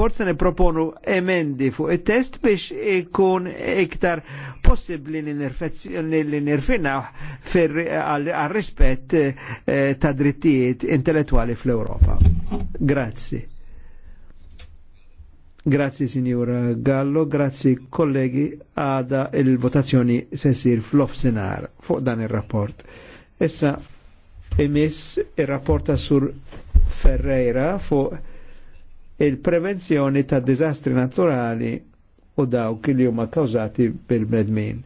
rapport se proponu emendi fuq it-test biex ikun iktar possibbli li nirfinaw għal-rispett eh, ta' drittijiet intellettuali fl-Europa. Grazzi. Grazzi signora Gallo, grazzi kollegi għada il-votazzjoni sessir fl-offsenar fuq dan il-rapport. Issa emis il-rapport sur Ferreira fuq il-prevenzjoni ta' dizastri naturali u dawk li huma kawżati bil-medmin.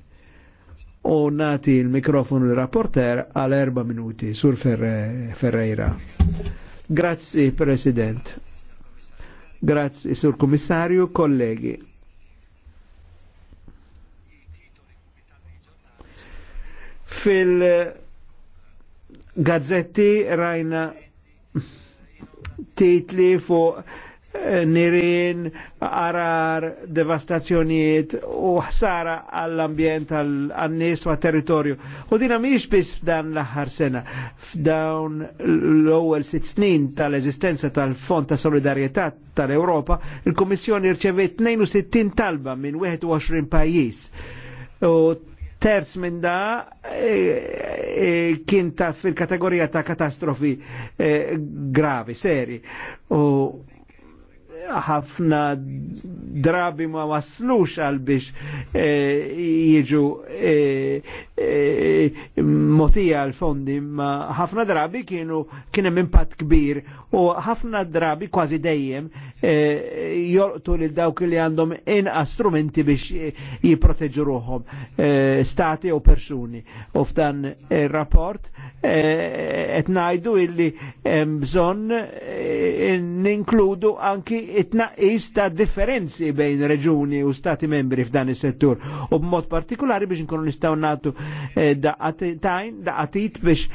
U nati il-mikrofonu l-rapporter għal erba minuti sur Ferreira. Grazzi, President. Grazzi, Sur Komissarju, kollegi. Fil-gazzetti rajna titli fuq Eh, nirin, arar, devastazzjoniet u ħsara għall-ambjent, għal nies u għal-territorju. U dina miex bis f'dan l-aħħar sena, f'dawn l-ewwel sitt snin tal-eżistenza tal-Fond ta' Solidarietà tal-Europa, il-Kommissjoni rċevet 62 talba minn 21 pajjiż. U terz minn da eh, eh, kien ta' fil-kategorija ta' katastrofi gravi, seri ħafna drabi ma waslux għal biex eh, jiġu eh, eh, motija għal fondi ma ħafna drabi kienu kien hemm impatt kbir u ħafna drabi kważi dejjem Eh, jorqtu lil dawk li għandhom inqas strumenti biex jiproteġu ruħom eh, stati u persuni. U f'dan il eh, rapport qed ngħidu illi hemm bżonn ninkludu anki it-tnaqqis ta' differenzi bejn reġuni u stati membri f'dan is-settur. U b'mod partikolari biex nkunu nistgħu nagħtu daqatit biex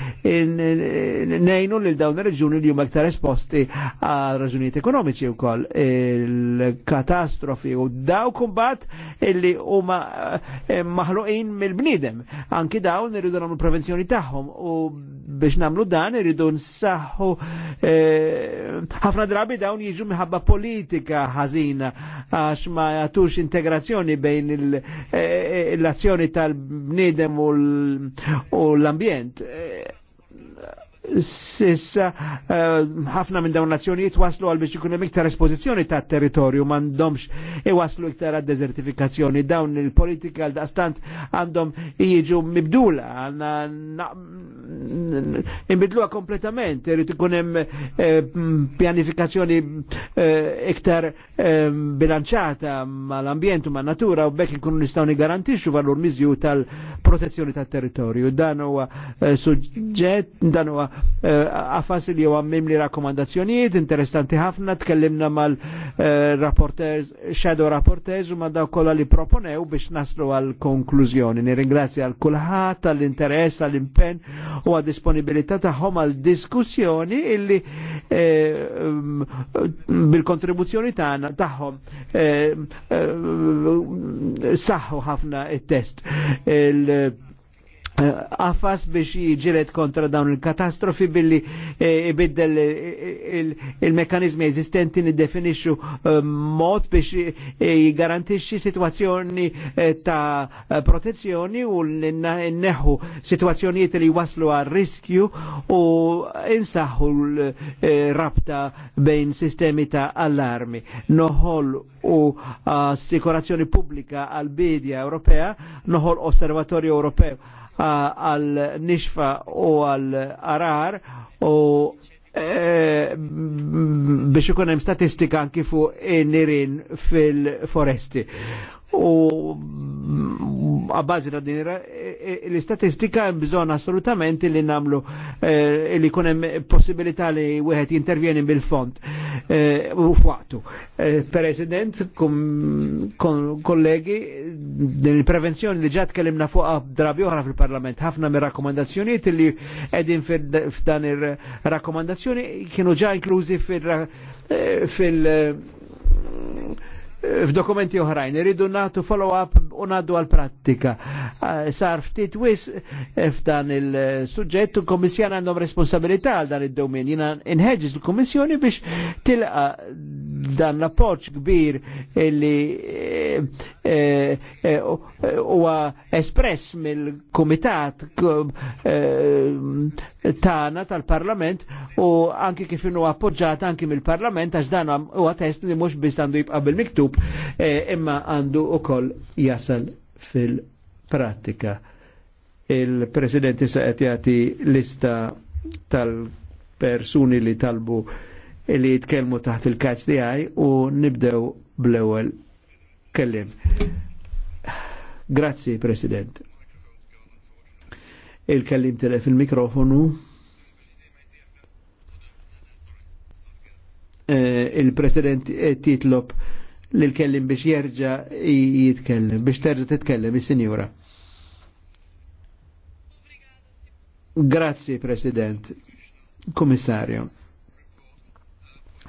nejnu lil dawn ir-reġuni li huma aktar esposti għal raġunijiet ekonomiċi wkoll ukoll il-katastrofi u daw kumbat illi huma eh, maħluqin mill-bniedem. Anki dawn nirridu nagħmlu prevenzjoni tagħhom u biex nagħmlu dan irridu nsaħħu eh, ħafna drabi dawn jiġu minħabba politika ħażina għax ma jagħtux integrazzjoni bejn eh, l-azzjoni tal-bniedem u l-ambjent sissa eh, ħafna minn dawn nazzjonijiet waslu għal biex ikun hemm iktar espożizzjoni ta' territorju m'għandhomx iwaslu iktar għad desertifikazzjoni dawn il-politika għal daqstant għandhom jiġu mibdula imbidluha kompletament, irid ikun hemm eh, pjanifikazzjoni eh, iktar eh, bilanċata mal-ambjent u man-natura u bekk ikunu nistgħu nigarantixxu valur miżju tal-protezzjoni tat-territorju. Dan huwa suġġett, dan huwa affas li huwa mimli rakkomandazzjonijiet interessanti ħafna, tkellimna mal-rapporters, shadow rapporters u ma daw kollha li proponew biex naslu għal konklużjoni. Nirringrazzja għal kulħadd għall-interess, għall-impenn u għad disponibilità tagħhom għal diskussjoni illi eh, mm, bil-kontribuzzjoni tagħna eh, eh, saħħu ħafna it-test. Il- għafas eh, biex jġiret kontra dawn il-katastrofi billi eh, ibiddel eh, il-mekanizmi eżistenti niddefinixxu mod biex jgarantixxi situazzjoni ta' protezzjoni u neħu situazzjonijiet li waslu għal riskju u insaħu l-rabta bejn sistemi ta' allarmi. Noħol u assikurazzjoni pubblika għal-bidja Ewropea, noħol osservatorju Ewropew għal nixfa u għal arar u e, biex ikun hemm statistika anki fuq nirin fil-foresti. U għabbażi na dinira, e, e, l-istatistika bżon assolutament li namlu e, li kunem possibilità li wieħed jintervjeni bil-fond u fuqtu. President, kollegi, il-prevenzjoni li ġat kellimna fuqa drabi oħra fil-Parlament, ħafna mir rakkomandazzjoniet li edin f'dan ir-rakkomandazzjoni kienu ġa inklużi fil- f'dokumenti oħrajn, irridu natu follow-up u naddu għal-prattika. Ah, sar ftit wis eh, f'dan il-sujġett u l-Komissjon għandhom responsabilità għal dan id-domin. Jina inħeġġis l-Komissjoni biex tilqa dan l-appoċ kbir illi eh, eh, huwa espress mill-Komitat tana tal-Parlament u anki kif inhu appoġġat anki mill-Parlament għax dan huwa test li mhux biss għandu jibqa' bil-miktub imma għandu ukoll jas jasal fil pratika il presidenti sa' qed lista tal-persuni li talbu li jitkelmu taħt il-kaċ tiegħi u nibdew bl-ewwel kellim. Grazzi, President. Il-kellim tele fil mikrofonu eh, il-President titlob li l-kellim biex jerġa jitkellem, biex terġa titkellem il-sinjura. Grazie, President, Komissarju.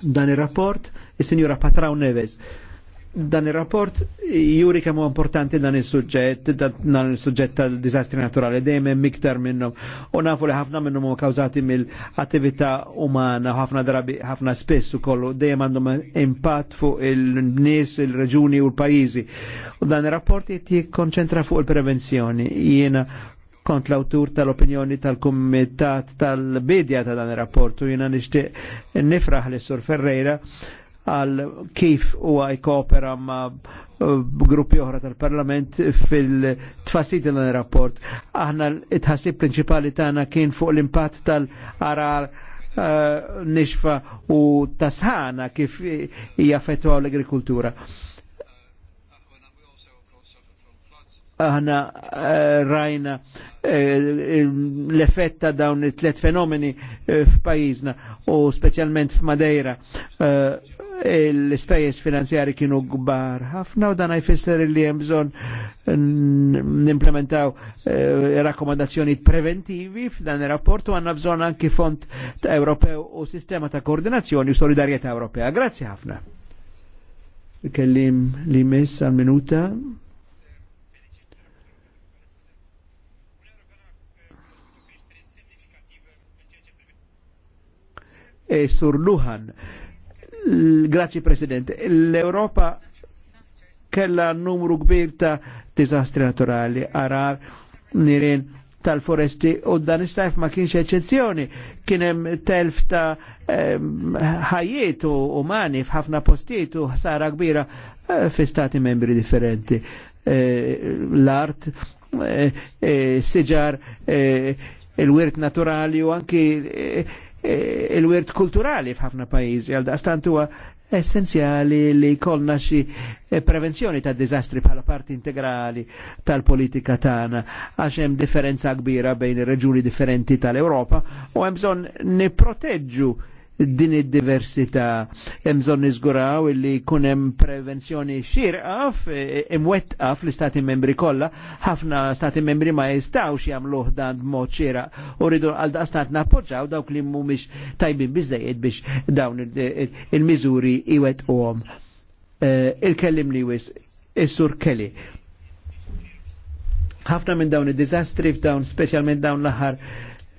Dan il-rapport, il-sinjura Patraw Neves, dan il-rapport juri kemmu importanti dan il-suġġett, dan il-suġġett tal-dizastri naturali, dejjem hemm iktar minnhom. U nafu li ħafna minnhom huma kawżati mill-attività umana, ħafna drabi ħafna spess ukoll dejjem għandhom impatt fuq il-nies, il-reġuni u l-pajjiżi. U dan ir-rapport jikkonċentra fuq il-prevenzjoni. Jiena kont l-autur tal-opinjoni tal-Kumitat tal-Bidja ta' dan ir-rapport u jiena nixtieq nifraħ li Sur Ferreira għal kif għaj jkopera ma gruppi oħra tal-Parlament fil-tfassit dan il-rapport. Aħna it-ħassib prinċipali tagħna kien fuq l-impatt tal-arar eh, nixfa u tasħana kif jaffettwaw l-agrikultura. aħna eh, rajna eh, l-effetta dawn it-tlet fenomeni f'pajjiżna u specialment f'Madeira l-spejjeż finanzjari kienu gbar ħafna u dan jfisser li hemm bżonn nimplementaw eh, rakkomandazzjonijiet preventivi f'dan ir-rapport u għandna bżonn anki font ta' Ewropew u sistema ta' koordinazzjoni u solidarjetà Ewropea. Grazzi ħafna. Kellim li miss għal minuta. E sur Luhan Grazie President. L-Europa kella numru kbir ta' disastri naturali, arar, nirin tal-foresti u dan istajf ma kienx eccezzjoni, kien hemm telf ta' ħajiet u umani f'ħafna postijiet u ħsara kbira eh, fi stati membri differenti. Eh, l-art, eh, siġar, il-wirt naturali u anki E, il-wirt kulturali f'ħafna pajjiżi għal daqstant huwa essenzjali li kolna xi e, prevenzjoni ta' diżastri bħala parti integrali tal-politika tagħna għax hemm differenza kbira bejn ir-reġuni differenti tal-Ewropa u hemm bżonn nipproteġġu din id-diversità. Hemm bżonn niżguraw illi jkun hemm prevenzjoni xirqa imwettqa fl-istati membri kollha, ħafna stati membri ma jistgħux jagħmluh dan b-mod xieraq u rridu għal stat napoġaw dawk li mhumiex tajbin biżdejjed biex dawn il-miżuri iwettquhom. Eh, il-kellim li wis, is-sur Kelly ħafna minn dawn id-dizastri f'dawn, specialment dawn l-aħħar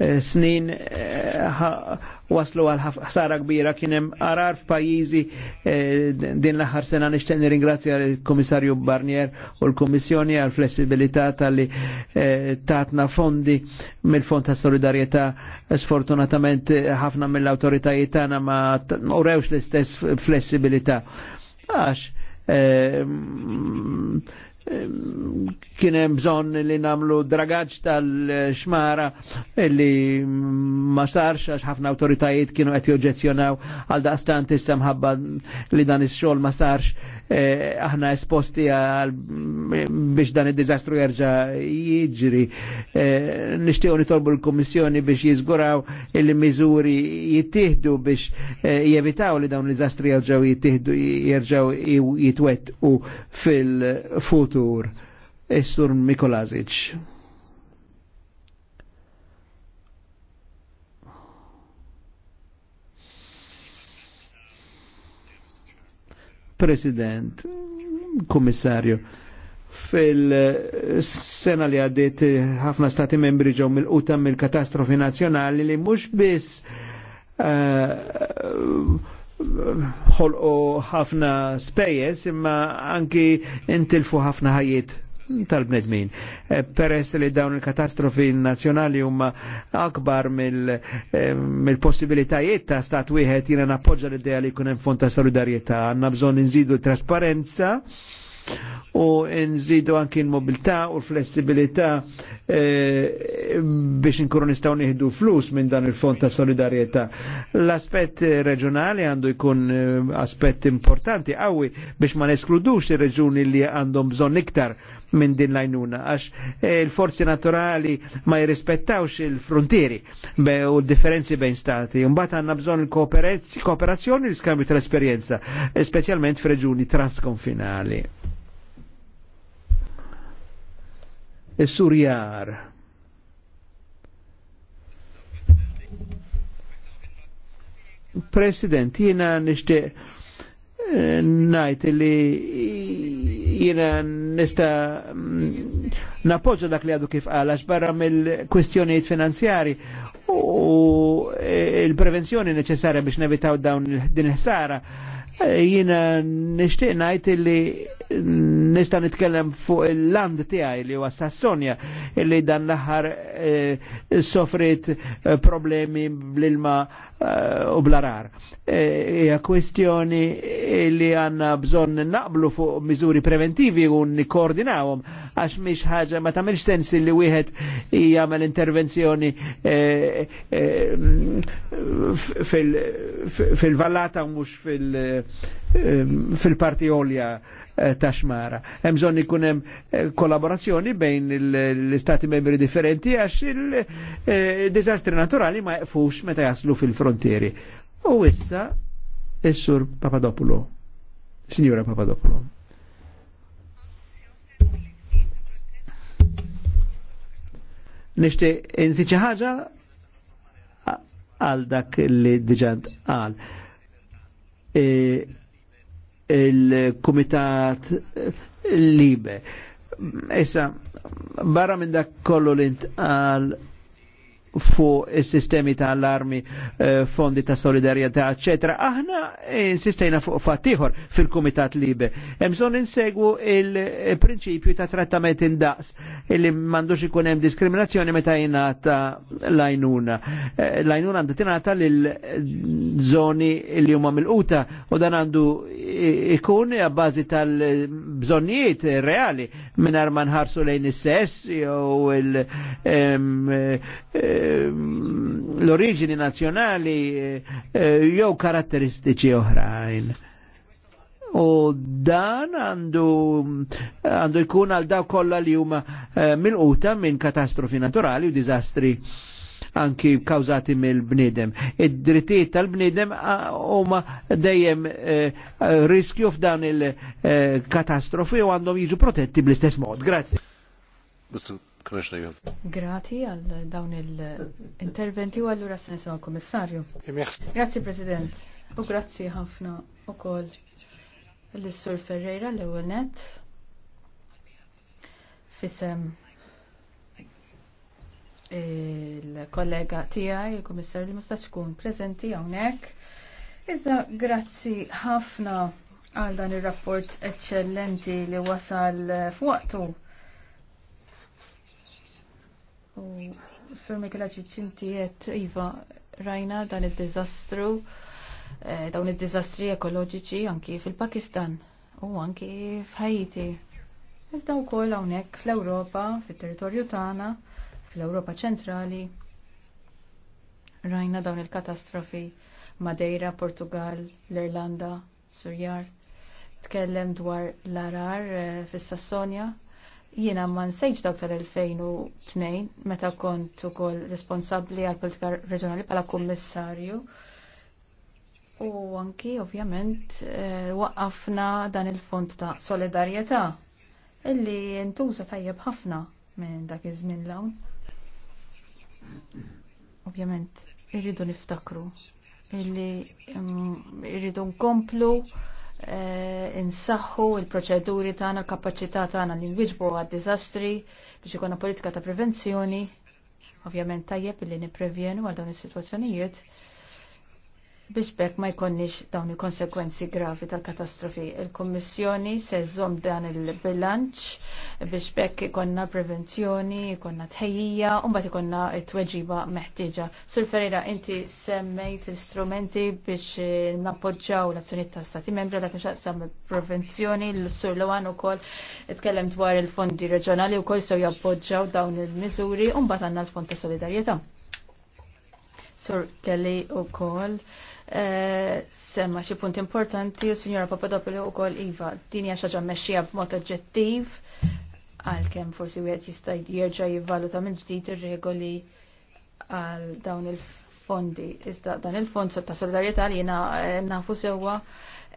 Eh, snin eh, waslu għal ħsara kbira kien hemm arar f'pajjiżi eh, din l-aħħar sena nixtieq nirringrazzja l-Kummissarju Barnier u l-Kummissjoni għal flessibilità tal-li tatna fondi mill-Fond ta' Solidarjetà sfortunatament ħafna mill-awtoritajiet tagħna ma urewx l-istess flessibilità. Għax kien hemm bżonn li namlu dragaġġ tal-xmara li ma sarx għax ħafna autoritajiet kienu qed joġġezzjonaw għal daqstant issa mħabba li dan is xogħol ma sarx Eh, aħna esposti għal biex dan il dizastru jerġa jiġri. Eh, Nishtiqo nitolbu l-Kommissjoni biex jizguraw il-miżuri jittihdu biex eh, jevitaw li dawn l dizastru jerġaw jittihdu jerġaw jitwet u fil-futur. Is-sur eh, Mikolazic. President, Kommissarju, fil-sena li għaddit ħafna stati membri ġew mill qutam mill-katastrofi nazjonali li mhux biss eh, ħolqu ħafna spejjeż imma anki intilfu ħafna ħajjiet tal-bnedmin. Eh, peress li dawn il-katastrofi nazjonali huma akbar mill-possibilitajiet eh, ta' stat wieħed jiena nappoġġa l-idea li jkun hemm fond ta' solidarjetà. Għandna bżonn inżidu trasparenza u nżidu anki l-mobilità u l-flessibilità eh, biex inkunu nistgħu nieħdu flus minn dan il-fond ta' solidarjetà. L-aspett reġjonali għandu jkun aspett importanti qawwi biex ma neskludux ir-reġuni li għandhom bżonn iktar minn din lajnuna, għax eh, il-forzi naturali ma jirrispettawx il-frontieri u differenzi bejn stati. Mbagħad għandna bżonn il-kooperazzjoni l iskambju tal-esperjenza, speċjalment f'reġuni transkonfinali. Is-Surjar. President, jiena nixtieq eh, najt li jina nista mm, napoġġa dak li għadu kif għalax għax barra mill-kwistjonijiet finanzjari u e, il-prevenzjoni neċessarja biex nevitaw dawn din ħsara e, jina nishtiq najt li nista nitkellem fuq il-land tiegħi li huwa Sassonja illi dan l-aħħar eh, sofrit eh, problemi bl-ilma eh, u bl-arar. Hija kwestjoni li għandna bżonn naqblu fuq miżuri preventivi u nikkoordinawhom għax mhix ħaġa ma tagħmilx sens li wieħed jagħmel intervenzjoni mm, fil-vallata mhux fil- Ehm, fil-parti olja eh, ta' xmara. Hemm bżonn ikun hemm eh, kollaborazzjoni bejn l-istati membri differenti għax il-diżastri eh, naturali ma jqfux meta jaslu fil-frontieri. U issa is-sur Papadopulo. Signora Papadopulo. Nishti insiċi ħaġa għal dak li diġant għal il-Kumitat Libe. Issa, barra minn dak kollu l-int għal fuq is-sistemi ta' allarmi eh, fondi ta' solidarjetà, eccetera. Aħna insistejna fuq fatt ieħor fil-Kumitat Libe. Hemm bżonn insegwu il-prinċipju ta' trattament indaqs illi m'għandux ikun hemm diskriminazzjoni meta jingħata l-għajnuna. Eh, l-għajnuna għandha tingħata lil żoni li huma milquta u dan għandu ikun għabbażi tal-bżonnijiet reali minn ma nħarsu lejn is-sess jew il- eh, Eh, l-oriġini nazjonali eh, eh, jew karatteristiċi oħrajn. U dan għandu għandu jkun għal daw kollha li huma eh, milquta minn katastrofi naturali u diżastri anki kawzati mill-bnidem. Id-drittijiet tal-bnidem huma dejjem riskju f'dan il-katastrofi u għandhom jiġu protetti bl-istess mod. Grazzi. Grati għal dawn il-interventi u għallura s-nisimaw komissarju. Grazzi, President. U grazie ħafna u koll l-Sur Ferreira l ewwel net fisem il-kollega tijaj, il-komissarju li mustaċ kun prezenti għonek. Iżda grazzi ħafna għal dan il-rapport eccellenti li wasal fuqtu Sur Mikela Iva, rajna dan il-dizastru, eh, dawn il-dizastri ekoloġiċi anki fil-Pakistan u anki f'Haiti. Iżda wkoll hawnhekk fl-Ewropa, fit-territorju tagħna, fl-Ewropa ċentrali. Rajna dawn il-katastrofi Madeira, Portugal, l-Irlanda, Surjar. Tkellem dwar l-arar eh, fis-Sassonja Jiena ma nsejġ dawk tal-2002 meta kont ukoll responsabbli għal politika reġjonali bħala kummissarju. U anki ovvjament eh, waqqafna dan il-fond ta' solidarjetà illi ntuża tajjeb ħafna minn dak iż-żmien l-hawn. Ovvjament irridu niftakru illi mm, irridu nkomplu Eh, insaħħu il-proċeduri tagħna, l-kapaċità tagħna li nwiġbu għad-diżastri biex ikun politika ta' prevenzjoni. Ovvjament tajjeb li nipprevjenu għal dawn is-sitwazzjonijiet biex bekk ma jkonniex dawn il-konsekwenzi gravi tal-katastrofi. Il-Kommissjoni se żomm dan il-bilanċ biex bekk ikonna prevenzjoni, ikonna tħejjija, u mbagħad ikonna t-tweġiba meħtieġa. Sur Ferreira, inti semmejt l-istrumenti biex nappoġġaw l-azzjonijiet ta' stati membri dak xaqsam prevenzjoni l-sur Lowan ukoll itkellem dwar il-fondi reġjonali wkoll sew jappoġġaw dawn il-miżuri u mbagħad għandna l-Fond ta' Solidarjetà. Sur Kelly u kol semma xi punt importanti u Papadopoli u kol iva din hija xaġa mexxija b'mod oġġettiv għalkemm forsi wieħed jista' jerġa' jivvaluta minn ġdid ir-regoli għal dawn il-fondi. Iżda dan il-fond ta' solidarieta li jiena nafu sewwa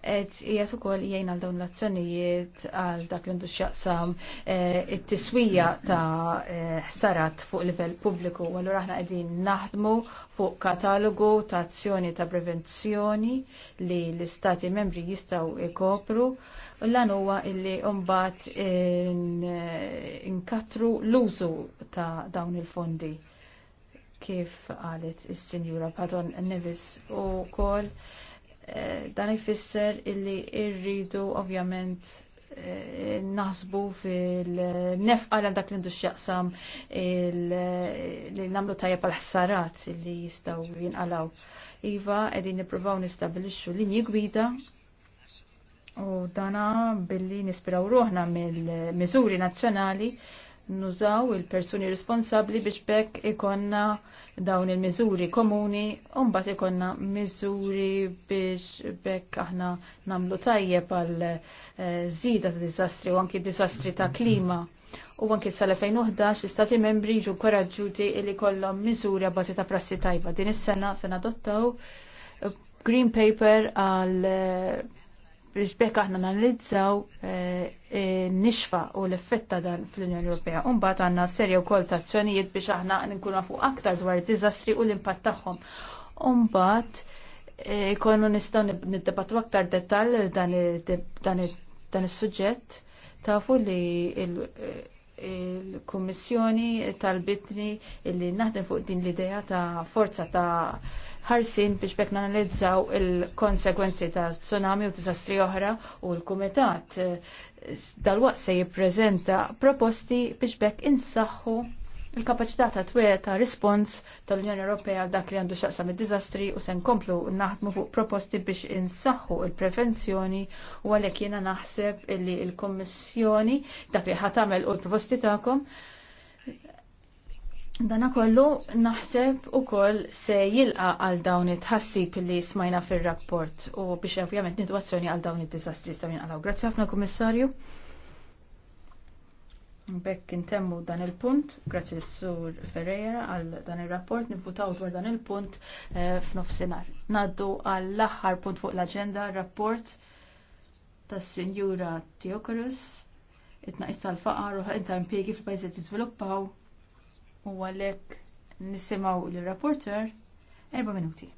qed qiegħed ukoll jgħin għal dawn l-azzjonijiet għal dak li xaqsam eh, it-tiswija ta' ħsarat eh, fuq livell pubbliku. U allura aħna qegħdin naħdmu fuq katalogu ta' azzjoni ta' prevenzjoni li l-istati membri jistgħu ikopru l lan huwa illi mbagħad eh, inkatru l-użu ta' dawn il-fondi kif qalet is-Sinjura Paton Nevis u kol Eh, dan ifisser illi irridu ovvjament eh, naħsbu fil-nefqa l dak l-indux jaqsam eh, li namlu tajja pal-ħsarat li jistaw jinqalaw. Iva, edin niprofaw nistabilixxu linji gwida u dana billi nispiraw ruħna mill-mizuri nazzjonali nużaw il-persuni responsabbli biex bekk ikonna dawn il-miżuri komuni, u mbagħad ikonna miżuri biex bekk aħna nagħmlu tajjeb għal żida eh, ta' diżastri u anki diżastri ta' klima. U anki sal-2011 istati membri ġu koraġġuti li kollhom miżuri għabbażi ta' prassi tajba. Din is-sena se nadottaw Green Paper għal eh, biex bekk aħna analizzaw eh, nixfa u l-effetta dan fl-Unjoni Ewropea. Umbat għanna serja u kol tazzjonijiet biex aħna nkunu nafu aktar dwar il-dizastri u l-impatt tagħhom. Umbat eh, konu nistaw niddebattu aktar dettal dan is-suġġett tafu li il-Kummissjoni tal-bitni illi naħdem fuq din l-idea ta' forza ta' ħarsin biex bekk nanalizzaw il-konsekwenzi ta' tsunami u disastri oħra u l-Kumitat eh, dal-waqt se jippreżenta proposti biex bekk insaħħu il-kapacità ta' tweta rispons tal-Unjoni Ewropea dak li għandu xaqsam id-dizastri u sen komplu naħdmu fuq proposti biex insaħħu il-prevenzjoni u għalhekk jiena naħseb li l-Kommissjoni dak li ħatamel u l-proposti tagħkom Dana kollu naħseb u koll se jilqa għal dawn it-ħassib li smajna fil-rapport u biex ovvjament nitwazzjoni għal dawn it-dizastri sa' minn għalaw. Grazie ħafna, Kommissarju. Bekk intemmu dan il-punt, grazzi s-sur Ferreira għal dan il-rapport, nifutaw dwar dan il-punt eh, f'nofsinar. Naddu għall aħħar punt fuq l-agenda, rapport tas sinjura Teokorus, itnaqis tal-faqar u inta impiegi fil-pajzi t-izviluppaw u għalek nisimaw l-rapporter, erba minuti.